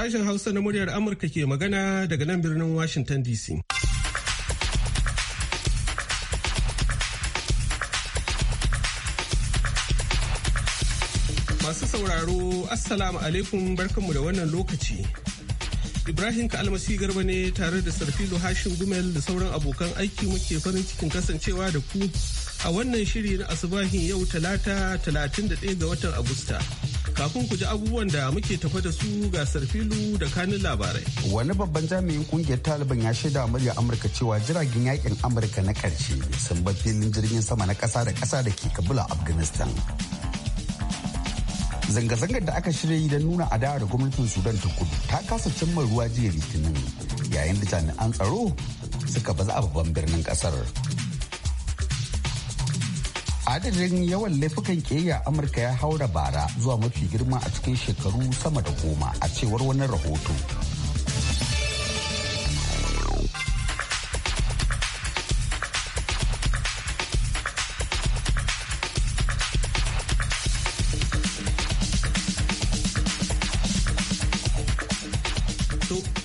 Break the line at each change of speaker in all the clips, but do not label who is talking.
Sashen Hausa na muryar Amurka ke magana daga nan birnin Washington DC. Masu sauraro, Assalamu alaikum barkanmu da wannan lokaci. Ibrahim Kalmasi Garba ne tare da Sarfilo Hashim Gumel da sauran abokan aiki muke farin cikin kasancewa da ku a wannan shiri na asubahin yau talata 31 ga watan Agusta. Kafin ku ji abubuwan da muke tafa da su ga filu da kanin labarai.
Wani babban jami'in kungiyar Taliban ya shaida murya Amurka cewa jiragen yakin Amurka na karshe sun bar filin jirgin sama na ƙasa da kasa da ke kabula Afghanistan. Zanga-zangar da aka shirya yi don nuna adawa da gwamnatin Sudan ta kudu ta kasa cimma ruwa jiya Litinin yayin da jami'an tsaro suka baza a babban birnin ƙasar. adadin yawan laifukan ƙeya amurka ya haura bara zuwa mafi girma a cikin shekaru sama da goma a cewar wani rahoto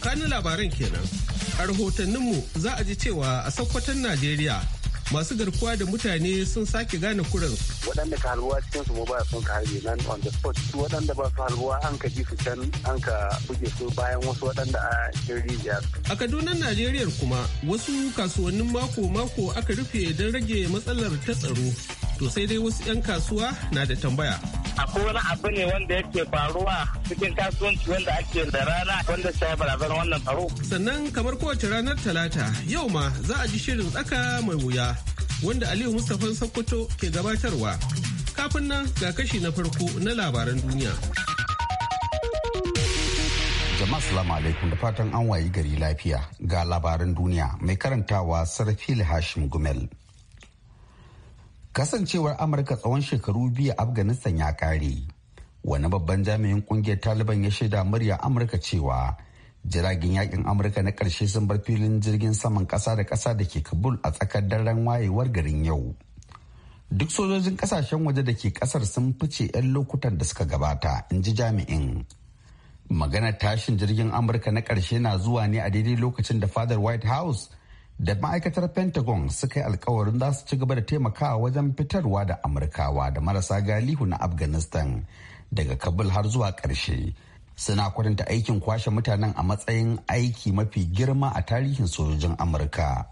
kanin labaran kenan a rahotanninmu za a ji cewa a sakkwatan najeriya masu garkuwa da mutane sun sake gane kuran.
Waɗanda ka halbuwa cikin su ba sun ka harbe nan on the spot. Su waɗanda ba su halbuwa an ka ji su can an ka buge su bayan wasu waɗanda a cikin
A Kaduna Najeriya kuma wasu kasuwannin mako-mako aka rufe don rage matsalar ta tsaro. To sai dai wasu 'yan kasuwa na da tambaya. Akwai wani abu ne wanda yake faruwa cikin kasuwanci
wanda ake da rana wanda sai barazan wannan tsaro.
Sannan kamar kowace ranar Talata yau ma za a ji shirin tsaka mai wuya wanda Aliyu Mustapha Sokoto ke gabatarwa. Kafin nan ga kashi na farko na labaran duniya.
Jama'a salamu alaikum da fatan an wayi gari lafiya ga labaran duniya mai karantawa Sarfil Hashim Gumel. kasancewar amurka tsawon shekaru biyu a afghanistan ya kare wani babban jami'in kungiyar taliban ya shaida murya amurka cewa jiragen yakin amurka na karshe sun bar filin jirgin saman kasa da kasa da ke kabul a tsakar daren wayewar garin yau duk sojojin kasashen waje da ke kasar sun fice 'yan lokutan da suka gabata in ji jami'in magana tashin jirgin amurka na karshe na zuwa ne a daidai lokacin da fadar white house da ma'aikatar pentagon suka yi alkawarin za su ci gaba da taimakawa wajen fitarwa da amurkawa da marasa galihu na afghanistan daga kabul har zuwa ƙarshe suna kwatanta aikin kwashe mutanen a matsayin aiki mafi girma a tarihin sojojin amurka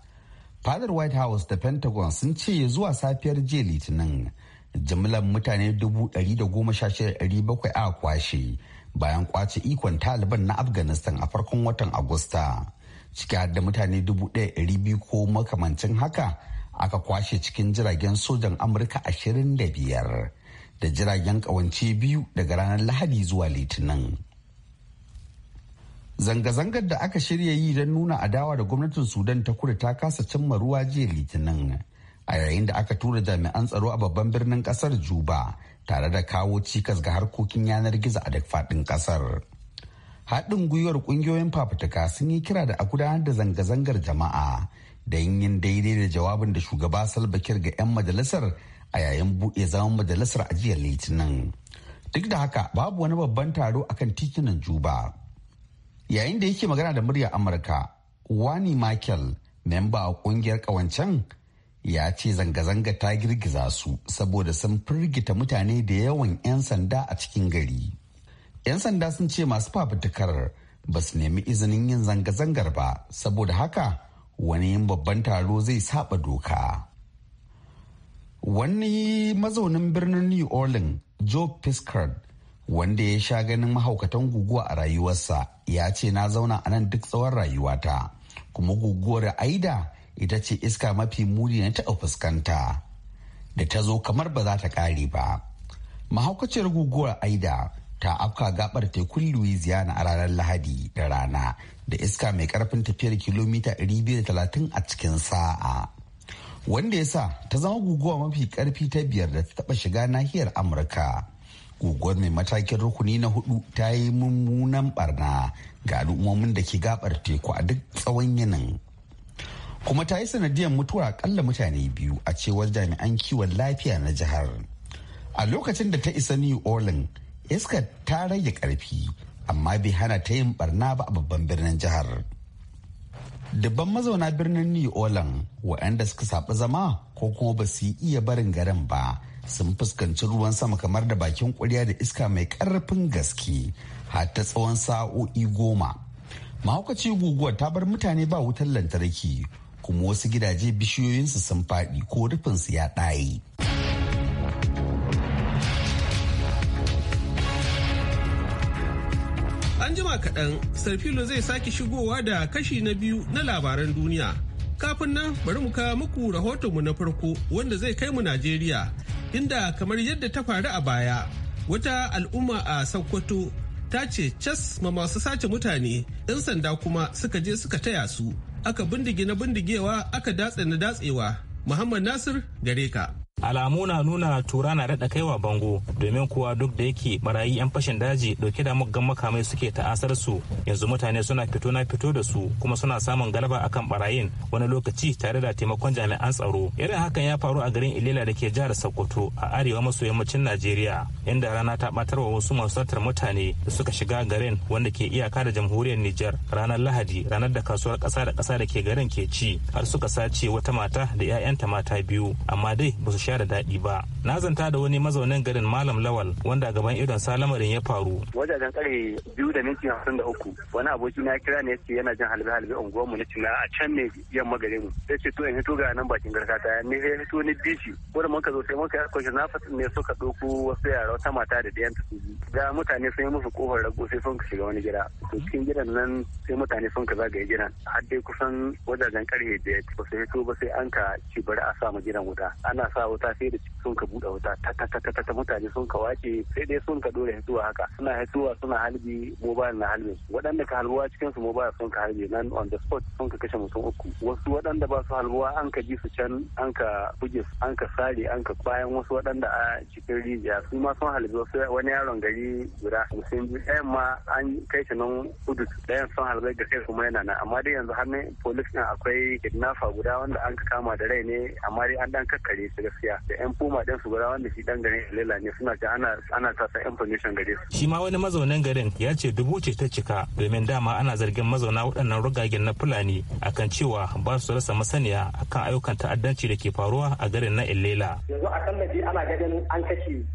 fadar white house da pentagon sun ce zuwa safiyar jiya litinin jimlar mutane 116,700 a kwashe bayan kwace ikon taliban na afghanistan a farkon watan agusta ciki har da mutane dubu biyu ko makamancin haka aka kwashe cikin jiragen sojan amurka ashirin da biyar da jiragen ƙawance biyu daga ranar lahadi zuwa litinin zanga-zangar da aka shirya yi don nuna adawa da gwamnatin sudan ta kudu ta kasa cimma ruwa jiya litinin a yayin da aka tura jami'an tsaro a babban birnin kasar juba tare da kawo cikas ga harkokin yanar gizo a duk faɗin kasar haɗin gwiwar ƙungiyoyin fafutuka sun yi kira da a gudanar da zanga-zangar jama'a da yin daidai da jawabin da shugaba salba kirga ga 'yan majalisar a yayin buɗe zaman majalisar a jiya litinin duk da haka babu wani babban taro akan titunan juba yayin da yake magana da murya amurka wani michael memba a ƙungiyar ƙawancen ya ce zanga-zanga ta girgiza su saboda sun firgita mutane da yawan 'yan sanda a cikin gari. 'Yan sanda sun ce masu fafutukar ba su nemi izinin yin zanga-zangar ba, saboda haka wani yin babban taro zai saba doka. Wani mazaunin birnin New Orleans, Joe Piscard, wanda ya sha ganin mahaukatan guguwa a rayuwarsa, ya ce na zauna a nan duk tsawon rayuwata, kuma guguwar Aida ita ce iska mafi muni na taɓa fuskanta, da ta zo kamar ba za ta ƙare ba. Mahaukaciyar guguwar Aida ta afka gabar tekun louisiana a ranar lahadi da rana da iska mai karfin tafiyar kilomita 230 a cikin sa'a wanda ya sa ta zama guguwa mafi karfi ta biyar da ta taba shiga nahiyar amurka guguwar mai matakin rukuni na hudu ta yi mummunan barna ga al'ummomin da ke gabar teku a duk tsawon yinin kuma ta yi sanadiyar mutuwa akalla mutane biyu a cewar jami'an kiwon lafiya na jihar a lokacin da ta isa new orleans iskar ta rage karfi amma bai hana ta yin barna ba a babban birnin jihar dubban mazauna birnin new orleans waɗanda suka saɓi zama ko kuma ba su iya barin garin ba sun fuskanci ruwan sama kamar da bakin ƙuriya da iska mai ƙarfin gaske har ta tsawon sa'o'i goma mahaukaci guguwar ta bar mutane ba wutar lantarki kuma wasu gidaje bishiyoyinsu sun faɗi ko rufinsu ya ɗaye.
An jima kaɗan, Sarfilo zai sake shigowa da kashi na biyu na labaran duniya. Kafin nan bari mu kawo muku mu na farko wanda zai kai mu Najeriya, inda kamar yadda ta faru a baya, wata al'umma a Sokoto ta ce cas ma masu sace mutane, 'yan sanda kuma suka je suka taya su, aka bindige na
bindigewa aka datse
na datsewa. Muhammad Nasir gare ka.
alamu na nuna tura na daɗa kaiwa bango domin kuwa duk da yake barayi 'yan fashin daji dauke da muggan makamai suke ta'asar su yanzu mutane suna fito na fito da su kuma suna samun galaba akan barayin wani lokaci tare da taimakon jami'an tsaro irin hakan ya faru a garin ilela da ke jihar sokoto a arewa maso yammacin najeriya inda rana ta ɓatar wa wasu masu satar mutane da suka shiga garin wanda ke iyaka da jamhuriyar nijar ranar lahadi ranar da kasuwar ƙasa da ƙasa da ke garin ke ci har suka sace wata mata da 'ya'yanta mata biyu amma dai ba su da daɗi ba na zanta da wani mazaunin garin malam lawal wanda gaban idon sa lamarin ya faru
wajajen kare biyu da minti hamsin da uku wani aboki na kira ne yace yana jin halbe halbe unguwar mu na cina a can ne yamma gare mu sai ce to in hito ga nan bakin garkata ne sai hito ni bishi ko da muka zo sai muka yi kwashe na ne suka ɗauko wasu yara wata mata da ɗayan ta ga mutane sun yi musu kofar rago sai sun shiga wani gida to cikin gidan nan sai mutane sun ka zagaye gidan har dai kusan wajajen karfe biyar ba su hito ba sai an ka ci bari a samu mu gidan wuta ana sa wuta wuta sai da sun ka buɗe wuta ta mutane sun ka wace sai dai sun ka dore hituwa haka suna hituwa suna halbi mobile na halbi waɗanda ka halbuwa cikin su mobile sun ka halbi nan on the spot sun ka kashe mutum uku wasu waɗanda ba su halbuwa an ka ji su can an ka buge su an ka sare an ka bayan wasu waɗanda a cikin rijiya su ma sun halbi wasu wani yaron gari guda musin ɗayan ma an kai shi nan kudu ɗayan sun halbai ga kai kuma yana nan amma dai yanzu har ne police na akwai kidnapper guda wanda an ka kama da rai ne amma dai an dan kakkare su gaskiya da yan foma ɗin su guda wanda shi dan garin lela ne suna ta ana ana tasa information gare
su. Shi ma wani mazaunin garin ya ce dubu ce ta cika domin dama ana zargin mazauna waɗannan rugagen na Fulani akan cewa ba su rasa masaniya akan ayyukan ta'addanci da ke faruwa a garin na Ilela.
Yanzu a akalla ana ganin an kashe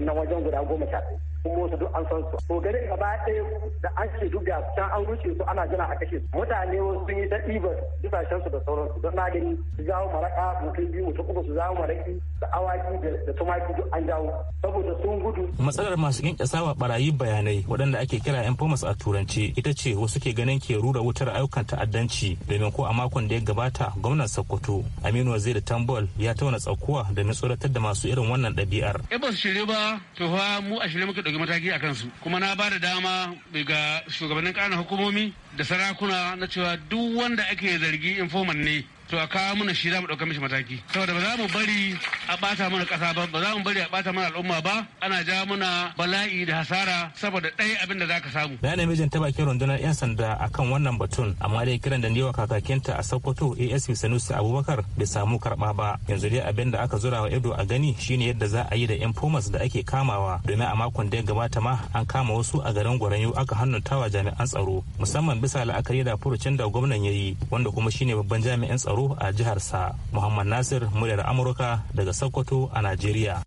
na wajen guda goma sha kuma wasu duk an san su to gari gaba ɗaya
da an ce duk can an rushe su ana jira a kashe su mutane wasu sun yi ta ɗibar bisashen su da sauransu don na gani su jawo maraƙa mutum biyu mutum uku su jawo maraƙi da awaki da tumaki duk an jawo saboda sun gudu.
matsalar masu kin kyasawa barayi bayanai waɗanda ake kira informers a turance ita ce wasu ke ganin ke rura wutar ayyukan ta'addanci domin ko a makon da ya gabata gwamnan sokoto aminu wazir da tambol ya tauna tsakuwa domin tsoratar da masu irin wannan ɗabi'ar.
Eh, ba su shirye ba to fa mu a shirye muka ɗauki mataki a kansu kuma na ba da dama
ga shugabannin ƙananan hukumomi da sarakuna na cewa duk wanda ake zargi informant ne to a kawo mana shi za mu ɗauka mishi mataki saboda ba za mu bari a ɓata mana ƙasa ba ba za mu
bari a ɓata mana al'umma ba ana ja muna bala'i da hasara saboda ɗaya abin da za ka samu. na
mijin ta bakin rundunar 'yan sanda akan wannan batun amma dai kiran da niwa kakakinta a sokoto asp sanusi abubakar bai samu karba ba yanzu dai abin da aka zura wa ido a gani shine yadda za a yi da 'yan da ake kamawa domin a makon da ya gabata ma an kama wasu a garin gwarayo aka hannuntawa jami'an tsaro musamman bisa la'akari da furucin da gwamnan ya yi wanda kuma shine babban jami'an tsaro tsaro a jiharsa muhammad nasir muryar amurka daga sokoto a najeriya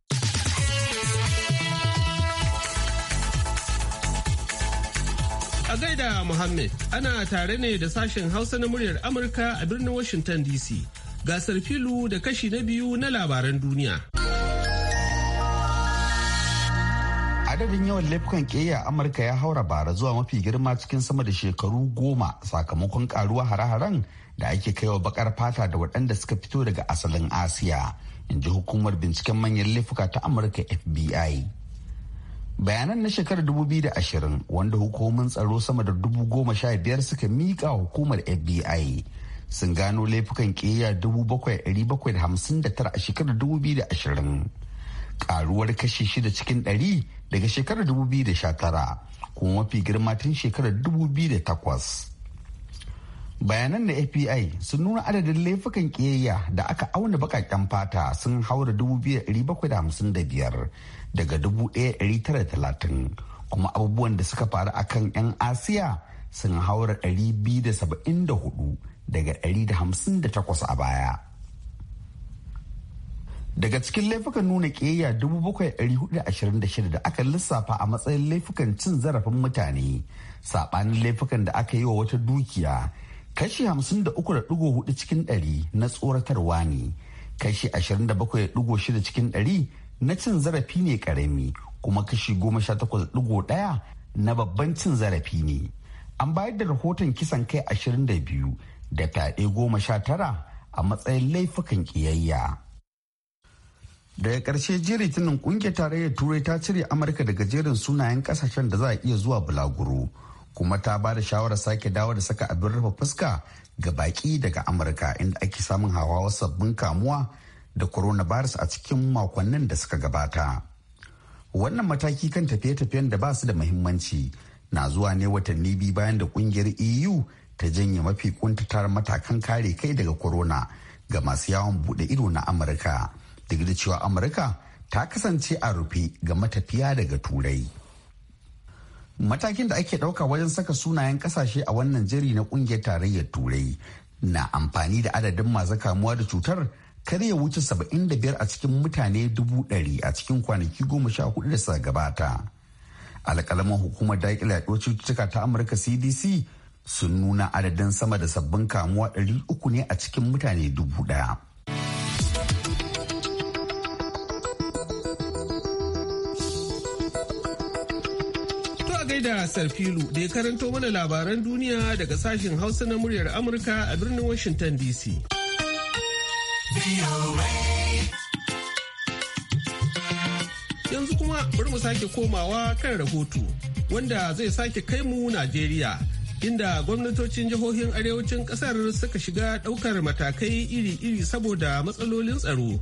a gaida muhammed ana tare ne da sashen hausa na muryar amurka a birnin washington dc gasar filu da kashi na biyu na labaran duniya adadin yawan laifukan keya amurka ya haura bara zuwa
mafi girma cikin sama da shekaru goma sakamakon karuwa hare-haren da ake kaiwa bakar fata da waɗanda suka fito daga asalin asiya in ji hukumar binciken manyan laifuka ta amurka fbi bayanan na shekarar 2020 wanda hukumomin tsaro sama da dubu goma sha biyar suka miƙa hukumar fbi sun gano laifukan ƙeya 7,759 a shekarar 2020 karuwar kashi shida cikin ɗari daga shekarar 2019 kuma mafi girma tun shekarar 2008 bayanan da fbi sun nuna adadin laifukan kiyayya da aka auna bakaken fata sun haura 2,755 daga 1,930 kuma abubuwan da suka faru a kan 'yan asiya sun haura 274 daga 158 a baya daga cikin laifukan nuna kiyayya 7,426 da aka lissafa a matsayin laifukan cin zarafin mutane saɓanin laifukan da aka yi wa wata dukiya kashi 53.4 cikin ɗari na tsoratarwa ne kashi 27.6 cikin ɗari na cin zarafi ne karami kuma kashi 18.1 na babban cin zarafi ne an bayar da rahoton kisan kai 22 da fyaɗe tara a matsayin laifukan ƙiyayya daga ƙarshe jiya litinin ƙungiyar tarayyar turai ta cire amurka daga jerin sunayen ƙasashen da za a iya zuwa bulaguro kuma ta ba da shawarar sake dawo da saka abin rufe fuska ga baki daga amurka inda ake samun hawa sabbin kamuwa da coronavirus a cikin makonnin da suka gabata wannan mataki kan tafiye-tafiyen da ba su da muhimmanci na zuwa ne watanni biyu bayan da kungiyar eu ta janye mafi kuntatar matakan kare kai daga corona ga masu yawon bude ido na amurka duk da cewa amurka ta kasance a rufe ga matafiya daga turai matakin da ake ɗauka wajen saka sunayen kasashe a wannan jeri na ƙungiyar tarayyar turai na amfani da adadin masu kamuwa da cutar kar ya wuce 75 a cikin mutane 100 a cikin kwanaki 14 da suka gabata alƙalaman hukumar daƙila yaɗuwar cututtuka ta amurka cdc sun nuna adadin sama da sabbin kamuwa 300 ne a cikin mutane dubu ɗaya.
da Sarfilu da ya karanto mana labaran duniya daga sashen Hausa na muryar Amurka a birnin Washington DC. Yanzu kuma bari mu sake komawa kan rahoto wanda zai sake kai mu Najeriya. inda gwamnatocin jihohin arewacin kasar suka shiga ɗaukar matakai iri-iri saboda matsalolin tsaro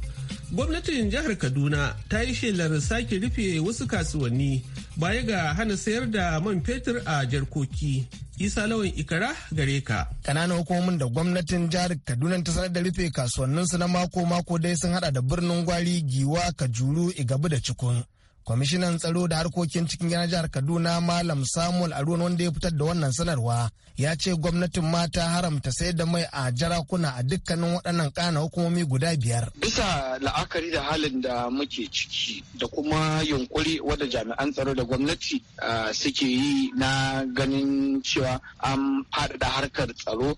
Gwamnatin jihar Kaduna ta yi shelar sake rufe wasu kasuwanni baya ga hana sayar da man fetur a jarkoki. Isa Lawan Ikara gare ka. Kananan hukumomin da gwamnatin jihar Kaduna
ta sanar da rufe kasuwanninsu na mako-mako dai sun hada da birnin Gwari, Giwa, Kajuru, Igabu da Cikun. kwamishinan tsaro da harkokin cikin yanar jihar kaduna malam samuel aruwan wanda ya fitar da wannan sanarwa ya ce gwamnatin mata haramta sayar da mai a jarakuna a dukkanin waɗannan kana hukumomi guda biyar bisa la'akari da halin da muke ciki da kuma yunkuri wadda jami'an tsaro da gwamnati suke yi na ganin cewa an faɗaɗa harkar tsaro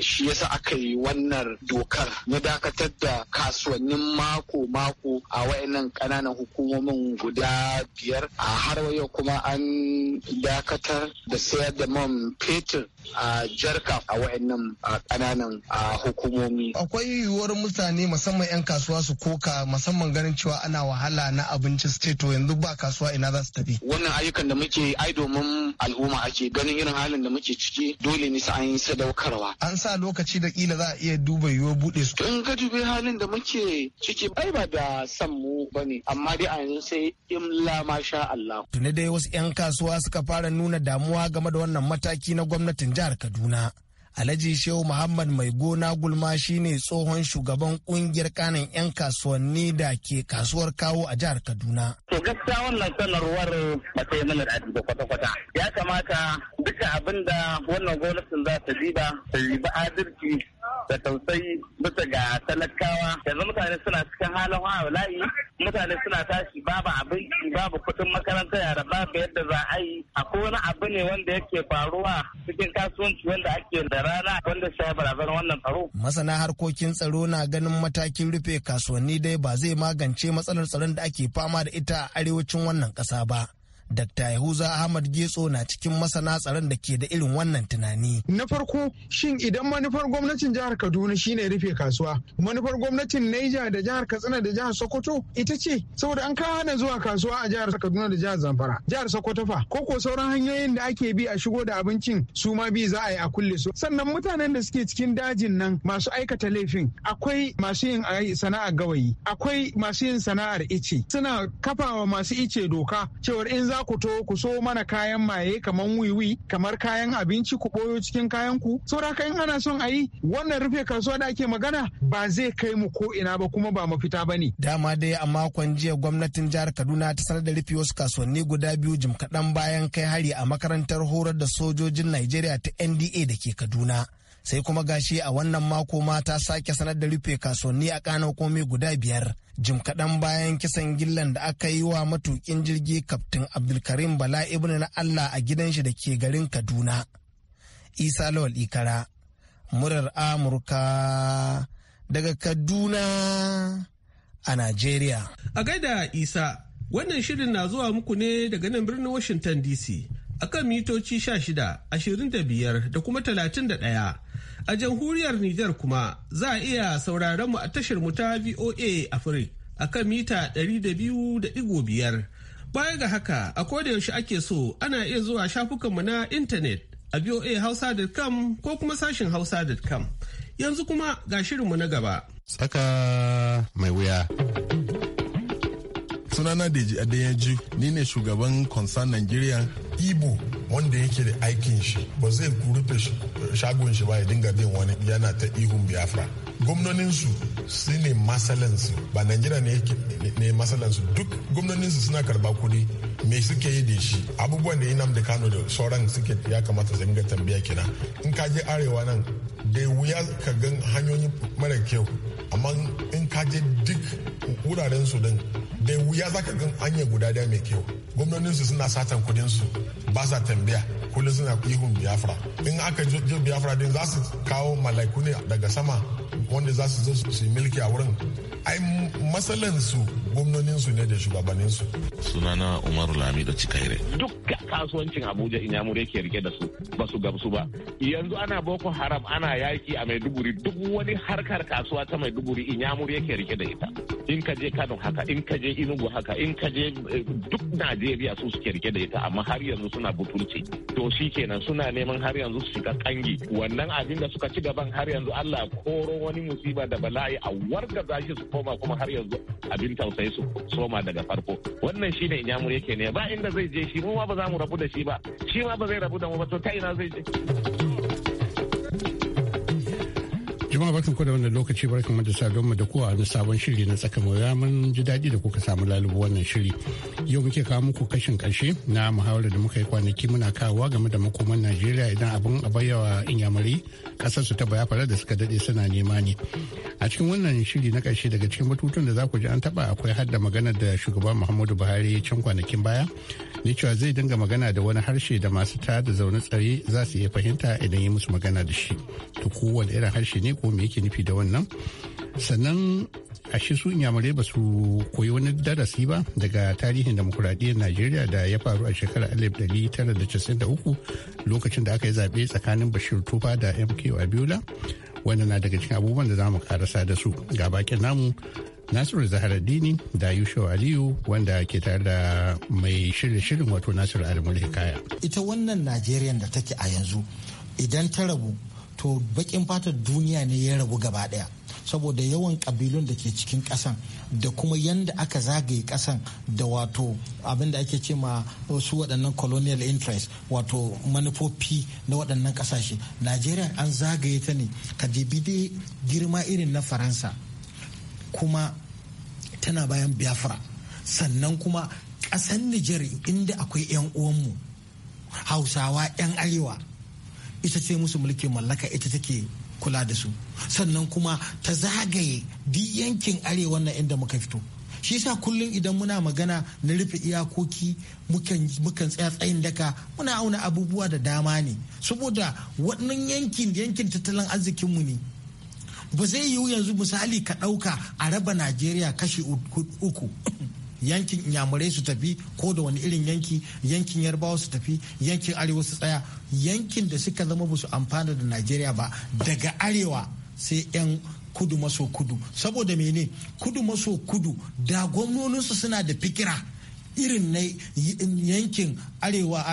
shi yasa aka yi wannan dokar na dakatar da kasuwannin mako-mako a wayannan ƙananan hukumomin guda guda biyar a har yau kuma an dakatar da sayar da man fetur a jarka a wa'annan kananan hukumomi akwai yiwuwar mutane musamman 'yan kasuwa su koka musamman ganin cewa ana wahala na abincin su yanzu ba kasuwa ina za su tafi
wannan ayyukan da muke ai domin al'umma
ake ganin irin halin da muke ciki dole ne an yi sadaukarwa an sa lokaci da kila za a iya duba yiwuwar buɗe su
in ka dubi halin da muke ciki ai ba da san mu ne amma dai a yanzu sai illa masha Allah.
Tuni dai wasu 'yan kasuwa suka fara nuna damuwa game da wannan mataki na gwamnatin jihar Kaduna. Alhaji Shehu Muhammad Mai Gona Gulma shine tsohon shugaban kungiyar kanin 'yan kasuwanni da ke kasuwar kawo a jihar Kaduna.
To gaskiya wannan sanarwar ba ta yi mana da kwata-kwata. Ya kamata duka abin da wannan gwamnatin za ta ba, ta ba adalci da tausayi bisa ga talakawa. Yanzu mutane suna cikin halin wa'ala'i mutane suna tashi babu abinci babu kuɗin makaranta yara babu yadda za a yi akwai wani abu ne wanda yake faruwa cikin kasuwanci wanda ake da rana wanda shi barazana wannan tsaro. Masana
harkokin tsaro na ganin matakin rufe kasuwanni dai ba zai magance matsalar tsaron da ake fama da ita a arewacin wannan ƙasa ba. Dr. Yahuza Ahmad Getso na cikin masana tsaron da ke da irin wannan tunani. Na farko shin idan manufar gwamnatin jihar Kaduna shine rufe kasuwa, manufar gwamnatin Neja da jihar Katsina da jihar Sokoto ita ce saboda an kawo hana zuwa kasuwa a jihar Kaduna da jihar Zamfara, jihar Sokoto fa
ko ko sauran
hanyoyin da ake bi a shigo da abincin su ma bi za a yi a kulle su. Sannan mutanen da suke cikin dajin nan masu aikata laifin akwai masu yin sana'ar gawayi, akwai masu yin sana'ar ice, suna kafawa masu ice doka cewar in za ku to ku so mana kayan maye kamar wiwi kamar kayan abinci ku boyo cikin kayan ku saura kayan ana son a yi wannan rufe kasuwa da ake magana ba zai kai mu ko ina ba kuma ba mafita ba ne. Dama dai a makon jiya gwamnatin jihar Kaduna ta sanar da rufe wasu kasuwanni guda biyu jim kaɗan bayan kai hari a makarantar horar da sojojin Najeriya ta NDA da ke Kaduna. sai kuma gashi a wannan mako ma ta sake sanar da rufe kasuwanni a kanan komai guda biyar jim kaɗan bayan kisan gillan da aka yi wa matukin jirgi kaftin abdulkarim bala ibn na allah a gidan shi da ke garin kaduna isa lawal ikara murar amurka
daga kaduna a nigeria. a gaida isa wannan shirin na zuwa muku ne daga nan birnin washington dc akan mitoci 16 25 da kuma 31 A jamhuriyar Nijar kuma za a iya sauraron mu a tashar mu ta VOA Africa a kan mita 200.5. Baya ga haka a koda yaushe ake so ana iya zuwa shafukanmu na intanet a voahausa.com ko kuma sashin hausa.com. Yanzu kuma ga shirinmu na gaba. Tsaka mai wuya. Sunana da Adeyanju ni ne shugaban Concern Nigeria Igbo wanda yake da
aikin shi ba zai rufe shagon shi ba ya dinga bin wani yana ta ihun biafra gwamnoninsu su ne masalansu ba najeriya ne masalansu duk gwamnoninsu suna karba kuɗi me suke yi da shi abubuwan da inam da kano da sauran suke ya kamata su dinga tambaya kina in ka je arewa nan da wuya ka ga hanyoyi mara kyau amma in ka je duk wuraren su din da wuya za ka gan hanyar guda daya mai kyau su suna satan su ba sa tambaya kullum suna ihun biafra in aka je biafra din za su kawo malaiku ne daga sama wanda za su zo su yi milki a wurin ai matsalan su gwamnonin su ne da
shugabannin su sunana umar lami da cikaire duk kasuwancin abuja inyamure ke rike da su ba su gamsu ba yanzu ana boko haram ana yaki a maiduguri duk wani harkar kasuwa ta maiduguri inyamure ke rike da ita in ka je Kano haka in ka je inugu haka in ka je eh, duk Najeriya su suke rike da ita amma har yanzu suna butulci to shi kenan suna neman har yanzu su shiga kangi wannan abin da suka ci gaban har yanzu Allah koro wani musiba da bala'i a wargaza shi su koma kuma har yanzu abin tausayi su soma daga farko
wannan shi ne inyamur yake ne ba inda zai je shi mu ma ba za mu rabu da shi ba shi ma ba zai rabu da mu ba to ta ina zai je
Jama'a barkan ku da wannan lokaci barkan da don mu da kowa na sabon shiri na tsaka ya mun ji daɗi da kuka samu lalubu wannan shiri. Yau muke kawo muku kashin ƙarshe na muhawarar da muka yi kwanaki muna kawowa game da makoman Najeriya idan abin a bayyawa inyamari ƙasar su ta baya fara da suka daɗe suna nema ne. A cikin wannan shiri na ƙarshe daga cikin batutun da za ku ji an taɓa akwai har da magana da shugaban Muhammadu Buhari can kwanakin baya ne cewa zai dinga magana da wani harshe da masu tada zaune tsare za su iya fahimta idan yi musu magana da shi. To kowane irin harshe ne ko me yake nufi da wannan sannan a shi su inyamurai ba su koyi wani darasi ba daga tarihin demokuraɗiyyar najeriya da ya faru a shekarar 1993 lokacin da aka yi zaɓe tsakanin bashir tufa da mk abiola wanda na daga cikin abubuwan da za mu karasa da su ga bakin namu nasiru addini da yusho aliyu wanda ke tare da mai shirye shirin wato nasiru alimul hikaya ita wannan najeriya
da take a yanzu idan ta rabu to bakin fatar duniya ne ya rabu gaba daya saboda yawan kabilun da ke cikin kasan da kuma yanda aka zagaye kasan da wato abin da ake ce ma su waɗannan colonial interest wato manufofi na waɗannan ƙasashe najeriya an zagaye ta ne ka dai girma irin na faransa kuma tana bayan biafra sannan kuma ƙasan nijar inda akwai 'yan uwanmu hausawa 'yan arewa ita ce musu mulkin mallaka ita take kula da su sannan kuma ta zagaye duk yankin arewa na inda muka fito shi yasa kullum idan muna magana na rufe iyakoki mukan tsaya tsayin daka muna auna abubuwa da dama ne saboda wannan yankin yankin tattalin arzikinmu ne ba zai yiwu yanzu misali ka ɗauka a raba najeriya kashi uku yankin inyamurai su tafi ko da wani irin yanki yankin yarbawa su tafi yankin arewa su tsaya yankin da suka zama ba su amfana da najeriya ba daga arewa sai 'yan kudu maso kudu saboda mene kudu maso kudu da gwamnoninsu suna da fikira irin na yankin arewa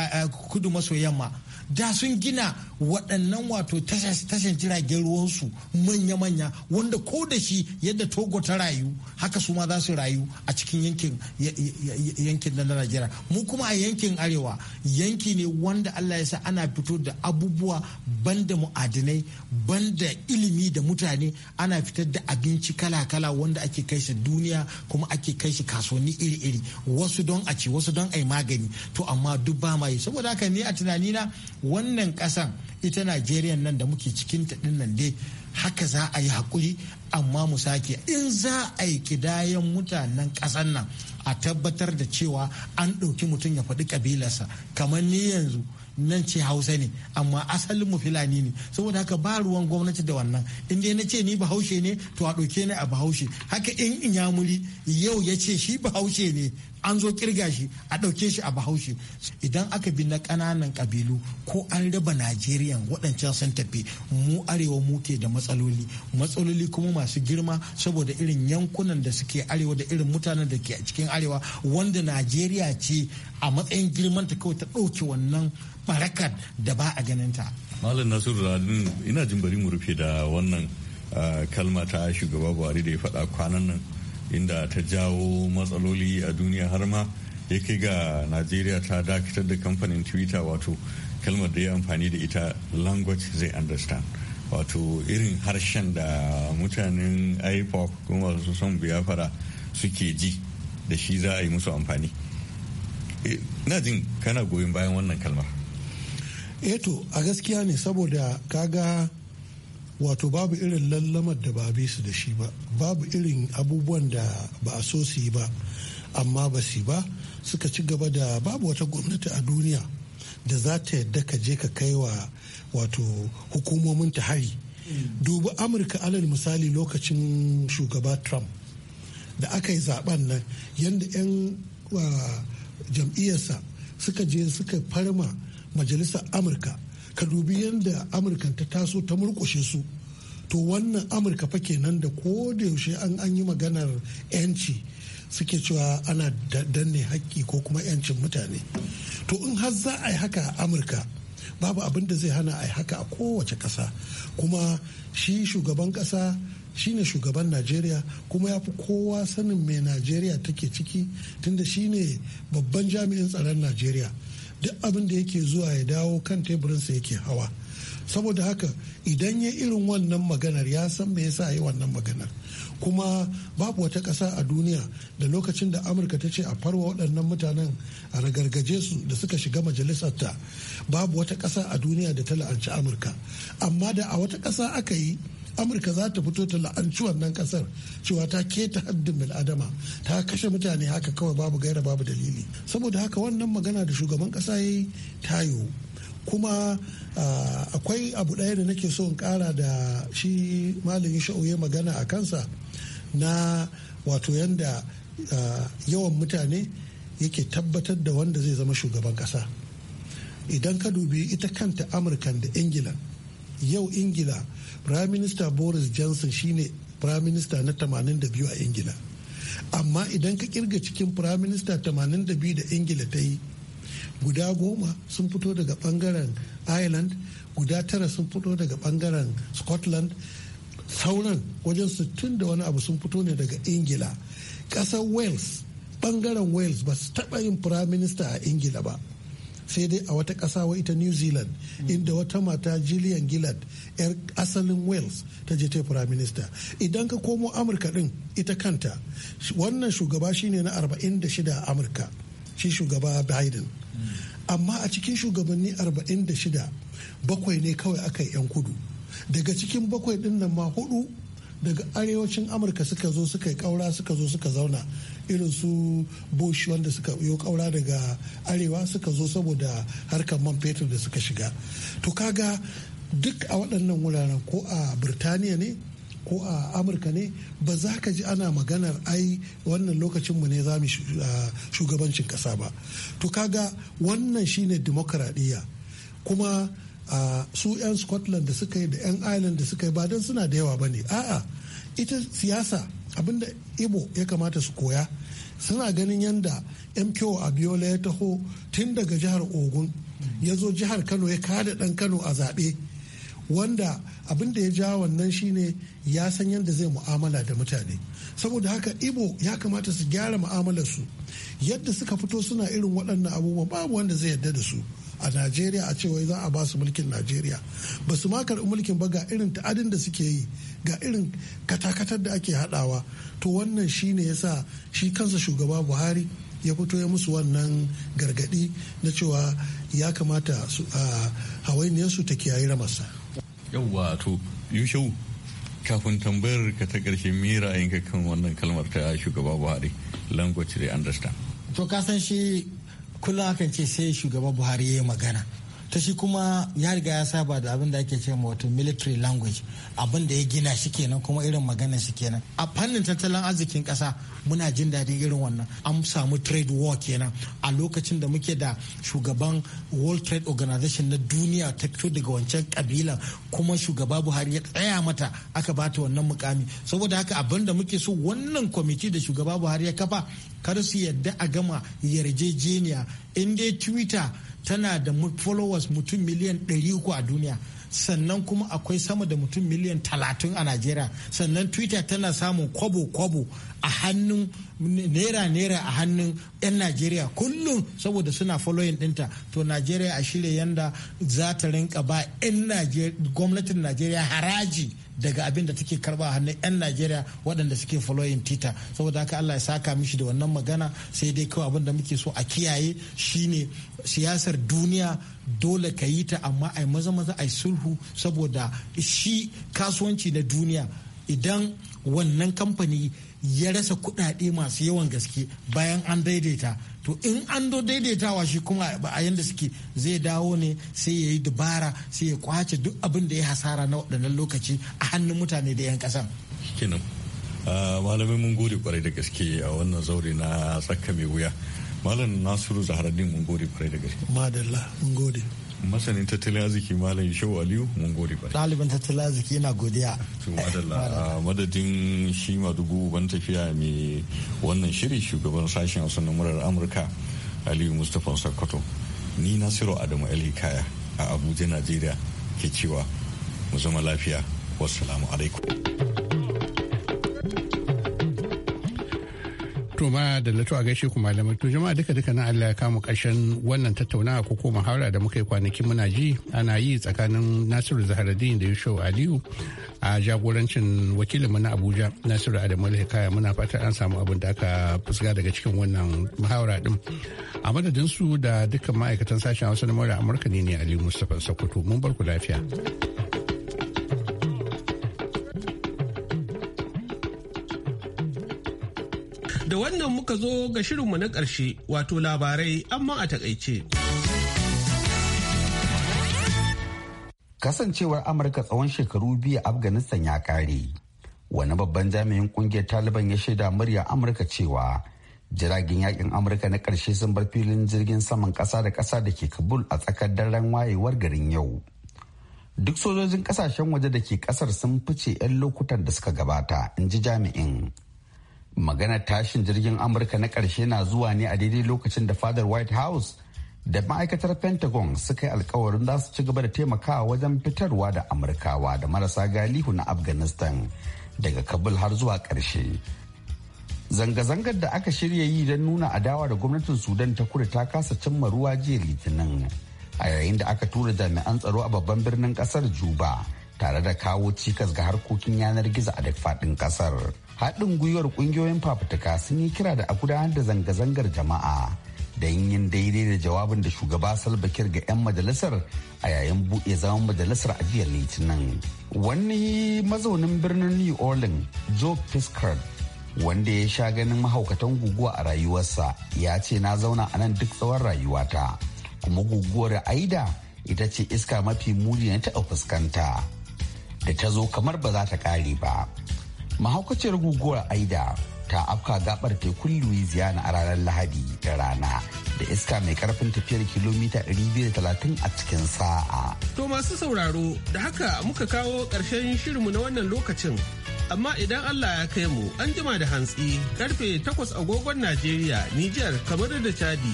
kudu maso yamma da sun gina waɗannan wato tashin jiragen ruwansu manya-manya wanda ko da shi yadda togo ta rayu haka su ma za su rayu a cikin yankin na najeriya mu kuma a yankin arewa yanki ne wanda allah ya sa ana fito da abubuwa banda mu'adinai banda ilimi da mutane ana fitar da abinci kala-kala wanda ake kai shi duniya kuma ake kai shi kasuwanni iri-iri wasu don a ci wasu don a yi magani to amma duk ba ma yi saboda haka ni a tunanina wannan kasan ita najeriya nan da muke cikin ta nan dai haka za a yi hakuri amma mu sake in za a yi kidayen mutanen ƙasar nan a tabbatar da cewa an ɗauki mutum ya faɗi ƙabilarsa kamar ni yanzu nan ce hausa ne amma asalin mu filani ne saboda haka ba ruwan gwamnati da wannan in dai na ce ni bahaushe ne to a ɗauke ni a bahaushe haka in inyamuri yau ya ce shi bahaushe ne an zo kirga shi a ɗauke shi a bahaushe idan aka bi na kananan kabilu ko an raba najeriya waɗancan sun tafi mu arewa muke da matsaloli matsaloli kuma masu girma saboda irin yankunan da suke arewa da irin mutanen da ke cikin arewa wanda najeriya ce a matsayin girman ta kawai ta ɗauke wannan barakar da ba a ganin ta.
malam nasiru radin ina jin bari mu rufe da wannan ah, kalma ta shugaba buhari da ya faɗa kwanan nan inda ta jawo matsaloli a duniya har ma ya kai ga najeriya ta dakatar da kamfanin twitter wato kalmar da ya amfani da ita language they understand wato irin harshen da mutanen ipop kuma su son biyafara suke ji da shi za a yi musu amfani eh, na jin kana goyon bayan wannan kalmar
eto eh a gaskiya ne saboda kaga wato babu irin lallamar da ba bi su da shi ba babu irin abubuwan da ba a so su yi ba amma ba su ba suka ci gaba da babu wata gwamnati a duniya da za ta yadda ka je ka kai wa wato hukumomin ta hari hmm. dubu amurka alal misali lokacin shugaba trump da aka yi zaben nan yadda 'yan ah, jam'iyyarsa suka je suka farma majalisar amurka ka dubi yadda amurka ta taso ta murkushe su to wannan amurka fa kenan da ko da yaushe an an yi maganar yanci suke cewa ana danne haƙƙi ko kuma yancin mutane to in har za a yi haka a amurka babu abin da zai hana a yi haka a kowace ƙasa kuma shi shugaban ƙasa shine shugaban najeriya kuma ya fi kowa sanin mai najeriya take ciki tunda shine babban jami'in tsaron najeriya duk abin da yake zuwa ya dawo kan teburinsa yake hawa saboda haka idan ya irin wannan maganar ya san me yasa yi wannan maganar kuma babu wata ƙasa a duniya da lokacin da amurka ta ce a farwa waɗannan mutanen a ragargaje su da suka shiga majalisar ta babu wata ƙasa a duniya da ta la'anci amurka amma da a wata ƙasa aka yi amurka za ta fito ta la'anci wannan kasar cewa ta keta haddin bil'adama ta kashe mutane haka kawai babu gaira babu dalili saboda haka wannan magana da shugaban kasa ya yi tayo kuma akwai abu ɗaya da nake so in ƙara da shi malami sha'uye magana a kansa na wato yanda yawan mutane yake tabbatar da wanda zai zama shugaban kasa idan ka dubi ita kanta amurkan da ingilan. yau ingila prime minister boris johnson shine prime minister na 82 a ingila amma idan ka kirga cikin prime minister 82 da ingila ta yi guda goma sun fito daga bangaren ireland guda tara sun fito daga bangaren scotland sauran wajen tun da wani abu sun fito ne daga ingila ƙasar wales bangaren wales ba su taɓa yin prime minister a ingila ba sai dai a wata ƙasa wa ita new zealand inda wata mata jillian gillard 'yar asalin wales ta je ta prime minister idan ka komo amurka din ita kanta wannan shugaba shine na 46 a amurka shi shugaba biden amma a cikin shugabanni 46 bakwai ne kawai aka yi 'yan kudu daga cikin bakwai din nan ma hudu daga arewacin amurka suka zo suka yi kaura suka zo suka zauna irin su bush wanda suka yi kaura daga arewa suka zo saboda harkar man fetur da suka shiga to kaga duk a waɗannan wuraren ko a birtaniya ne ko a amurka ne ba za ka ji ana maganar ai wannan lokacinmu ne za mu shugabancin ƙasa ba to kaga wannan shine demokaradiyya kuma su 'yan scotland da suka yi da 'yan ireland da suka yi ba don suna da yawa ba ne a'a ita siyasa abinda ibo ya kamata su koya suna ganin yadda mko abiola ya taho tun daga jihar ogun ya zo jihar kano ya kada dan kano a zaɓe wanda abin da ya ja wannan shine ya san yadda zai mu'amala da mutane saboda haka ibo ya kamata su gyara mu'amalarsu yadda suka fito suna irin waɗannan abubuwa babu wanda zai yadda da su a najeriya a cewa za a ba su mulkin najeriya ba su ma karbi mulkin ba ga irin ta'adin da suke yi ga irin katakatar da ake hadawa to wannan shi ne ya sa shi kansa shugaba buhari ya fito ya musu wannan gargadi na cewa ya kamata su hawainiyarsu ta kiyaye ramarsa
Yawwa to yushau kafin tambayar ka ta ƙarshe mira yanka kan wannan kalmar ta shugaba buhari language they understand
to kullum akan ce sai shugaban buhari ya yi magana ta shi kuma ya riga ya saba da abin da ake ce wato military language abin da ya gina shi kenan kuma irin magana shi kenan a fannin tattalin arzikin kasa muna jin daɗin irin wannan an samu trade war kenan a lokacin da muke da shugaban world trade organization na duniya ta fito daga wancan kabila kuma shugaba buhari ya tsaya mata aka bata wannan mukami saboda haka abin da muke so wannan kwamiti da shugaba buhari ya kafa kar su yarda a gama yarjejeniya in dai twitter tana da followers mutum miliyan 300 a duniya sannan kuma akwai sama da mutum miliyan 30 a najeriya sannan twitter tana samun kwabo-kwabo a hannun naira-naira a hannun 'yan najeriya kullum saboda suna following dinta to najeriya a shirya yanda za ta rinka ba 'yan gwamnatin najeriya haraji daga abin da take karba hannun 'yan najeriya waɗanda suke following tita saboda haka allah ya saka mishi da wannan magana sai dai kawai abin da muke so a kiyaye shine siyasar duniya dole ka yi ta amma a maza maza a sulhu saboda shi kasuwanci na duniya idan wannan kamfani ya rasa kuɗaɗe masu yawan gaske bayan an daidaita to in an do daidaitawa shi kuma a yanda suke zai dawo ne sai ya yi dubara sai ya kwace duk abin da ya hasara na waɗannan lokaci a hannun mutane da 'yan ƙasan.
kenan ah, malamai mun gode kwarai da gaske a wannan zaure na tsakka mai wuya malam nasiru zaharaddin mun gode kwarai da gaske
madalla mun gode
masanin tattalin arziki malam shehu aliyu mun gode ba
ɗaliban tattalin arziki yana godiya
to madalla madadin shi madugu ban tafiya mai wannan shiri shugaban sashen hausa na murar amurka aliyu mustapha sakkwato ni nasiru adamu alhikaya a abuja najeriya ke cewa mu zama lafiya wasu alaikum
To ma da lato a gaishe ku malamai to jama'a duka duka na Allah ya kamu ƙarshen wannan tattaunawa ko ko muhawara da muka yi kwanakin muna ji ana yi tsakanin Nasiru Zaharaddin da Yusuf Aliyu a jagorancin wakilinmu na Abuja Nasiru Adamu Alhikaya muna fatan an samu abin da aka fusga daga cikin wannan muhawara din. A madadin su da dukkan ma'aikatan sashen Hausa na Amurka ne ne Aliyu Mustapha Sokoto mun bar ku lafiya.
muka zo ga shirinmu na ƙarshe wato labarai amma a takaice.
Kasancewar Amurka tsawon shekaru biyu Afghanistan ya kare. Wani babban jami'in kungiyar Taliban ya shaida murya Amurka cewa jiragen yakin Amurka na ƙarshe sun bar filin jirgin saman ƙasa da ƙasa da ke Kabul a tsakar daren wayewar garin yau. duk sojojin ƙasashen waje da ke ƙasar sun fice 'yan lokutan da suka gabata in ji jami'in magana tashin jirgin amurka na karshe na zuwa ne a daidai lokacin da fadar white house da ma'aikatar pentagon suka yi alkawarin za su ci gaba da taimakawa wajen fitarwa da amurkawa da marasa galihu na afghanistan daga kabul har zuwa ƙarshe zanga-zangar da aka shirya yi don nuna adawa da gwamnatin sudan ta kudu ta kasa cimma ruwa jiya litinin a yayin da aka tura jami'an tsaro a babban birnin kasar juba tare da kawo cikas ga harkokin yanar gizo a duk faɗin kasar. haɗin gwiwar ƙungiyoyin fafutuka sun yi kira da a gudanar da zanga-zangar jama'a da yin daidai da jawabin da shugaba Salva Kiir ga 'yan majalisar a yayin buɗe zaman majalisar a jiya Litinin. Wani mazaunin birnin New Orleans, Joe Fiskard, wanda ya sha ganin mahaukatan guguwa a rayuwarsa, ya ce na zauna a nan duk tsawon rayuwata. Kuma guguwar Aida ita ce iska mafi muni na taɓa fuskanta. Da ta zo kamar ba za ta ƙare ba. mahaukaciyar guguwar aida ta afka gabar tekun louisiana a ranar lahadi da rana da iska mai karfin tafiyar kilomita 230 a cikin sa'a
to masu sauraro da haka muka kawo ƙarshen shirinmu na wannan lokacin amma idan allah ya kai mu an jima da hantsi karfe 8 agogon najeriya niger kamar da chadi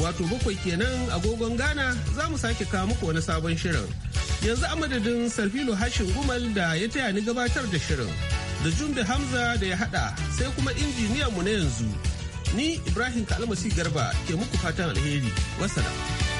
wato bakwai kenan agogon ghana za mu sake kawo muku wani sabon shirin yanzu a madadin sarfilo hashin gumal da ya taya ni gabatar da shirin da Jumbe Hamza da ya hada sai kuma injiniyan mu na yanzu. Ni Ibrahim Kalmasi Garba ke muku fatan alheri. wasana.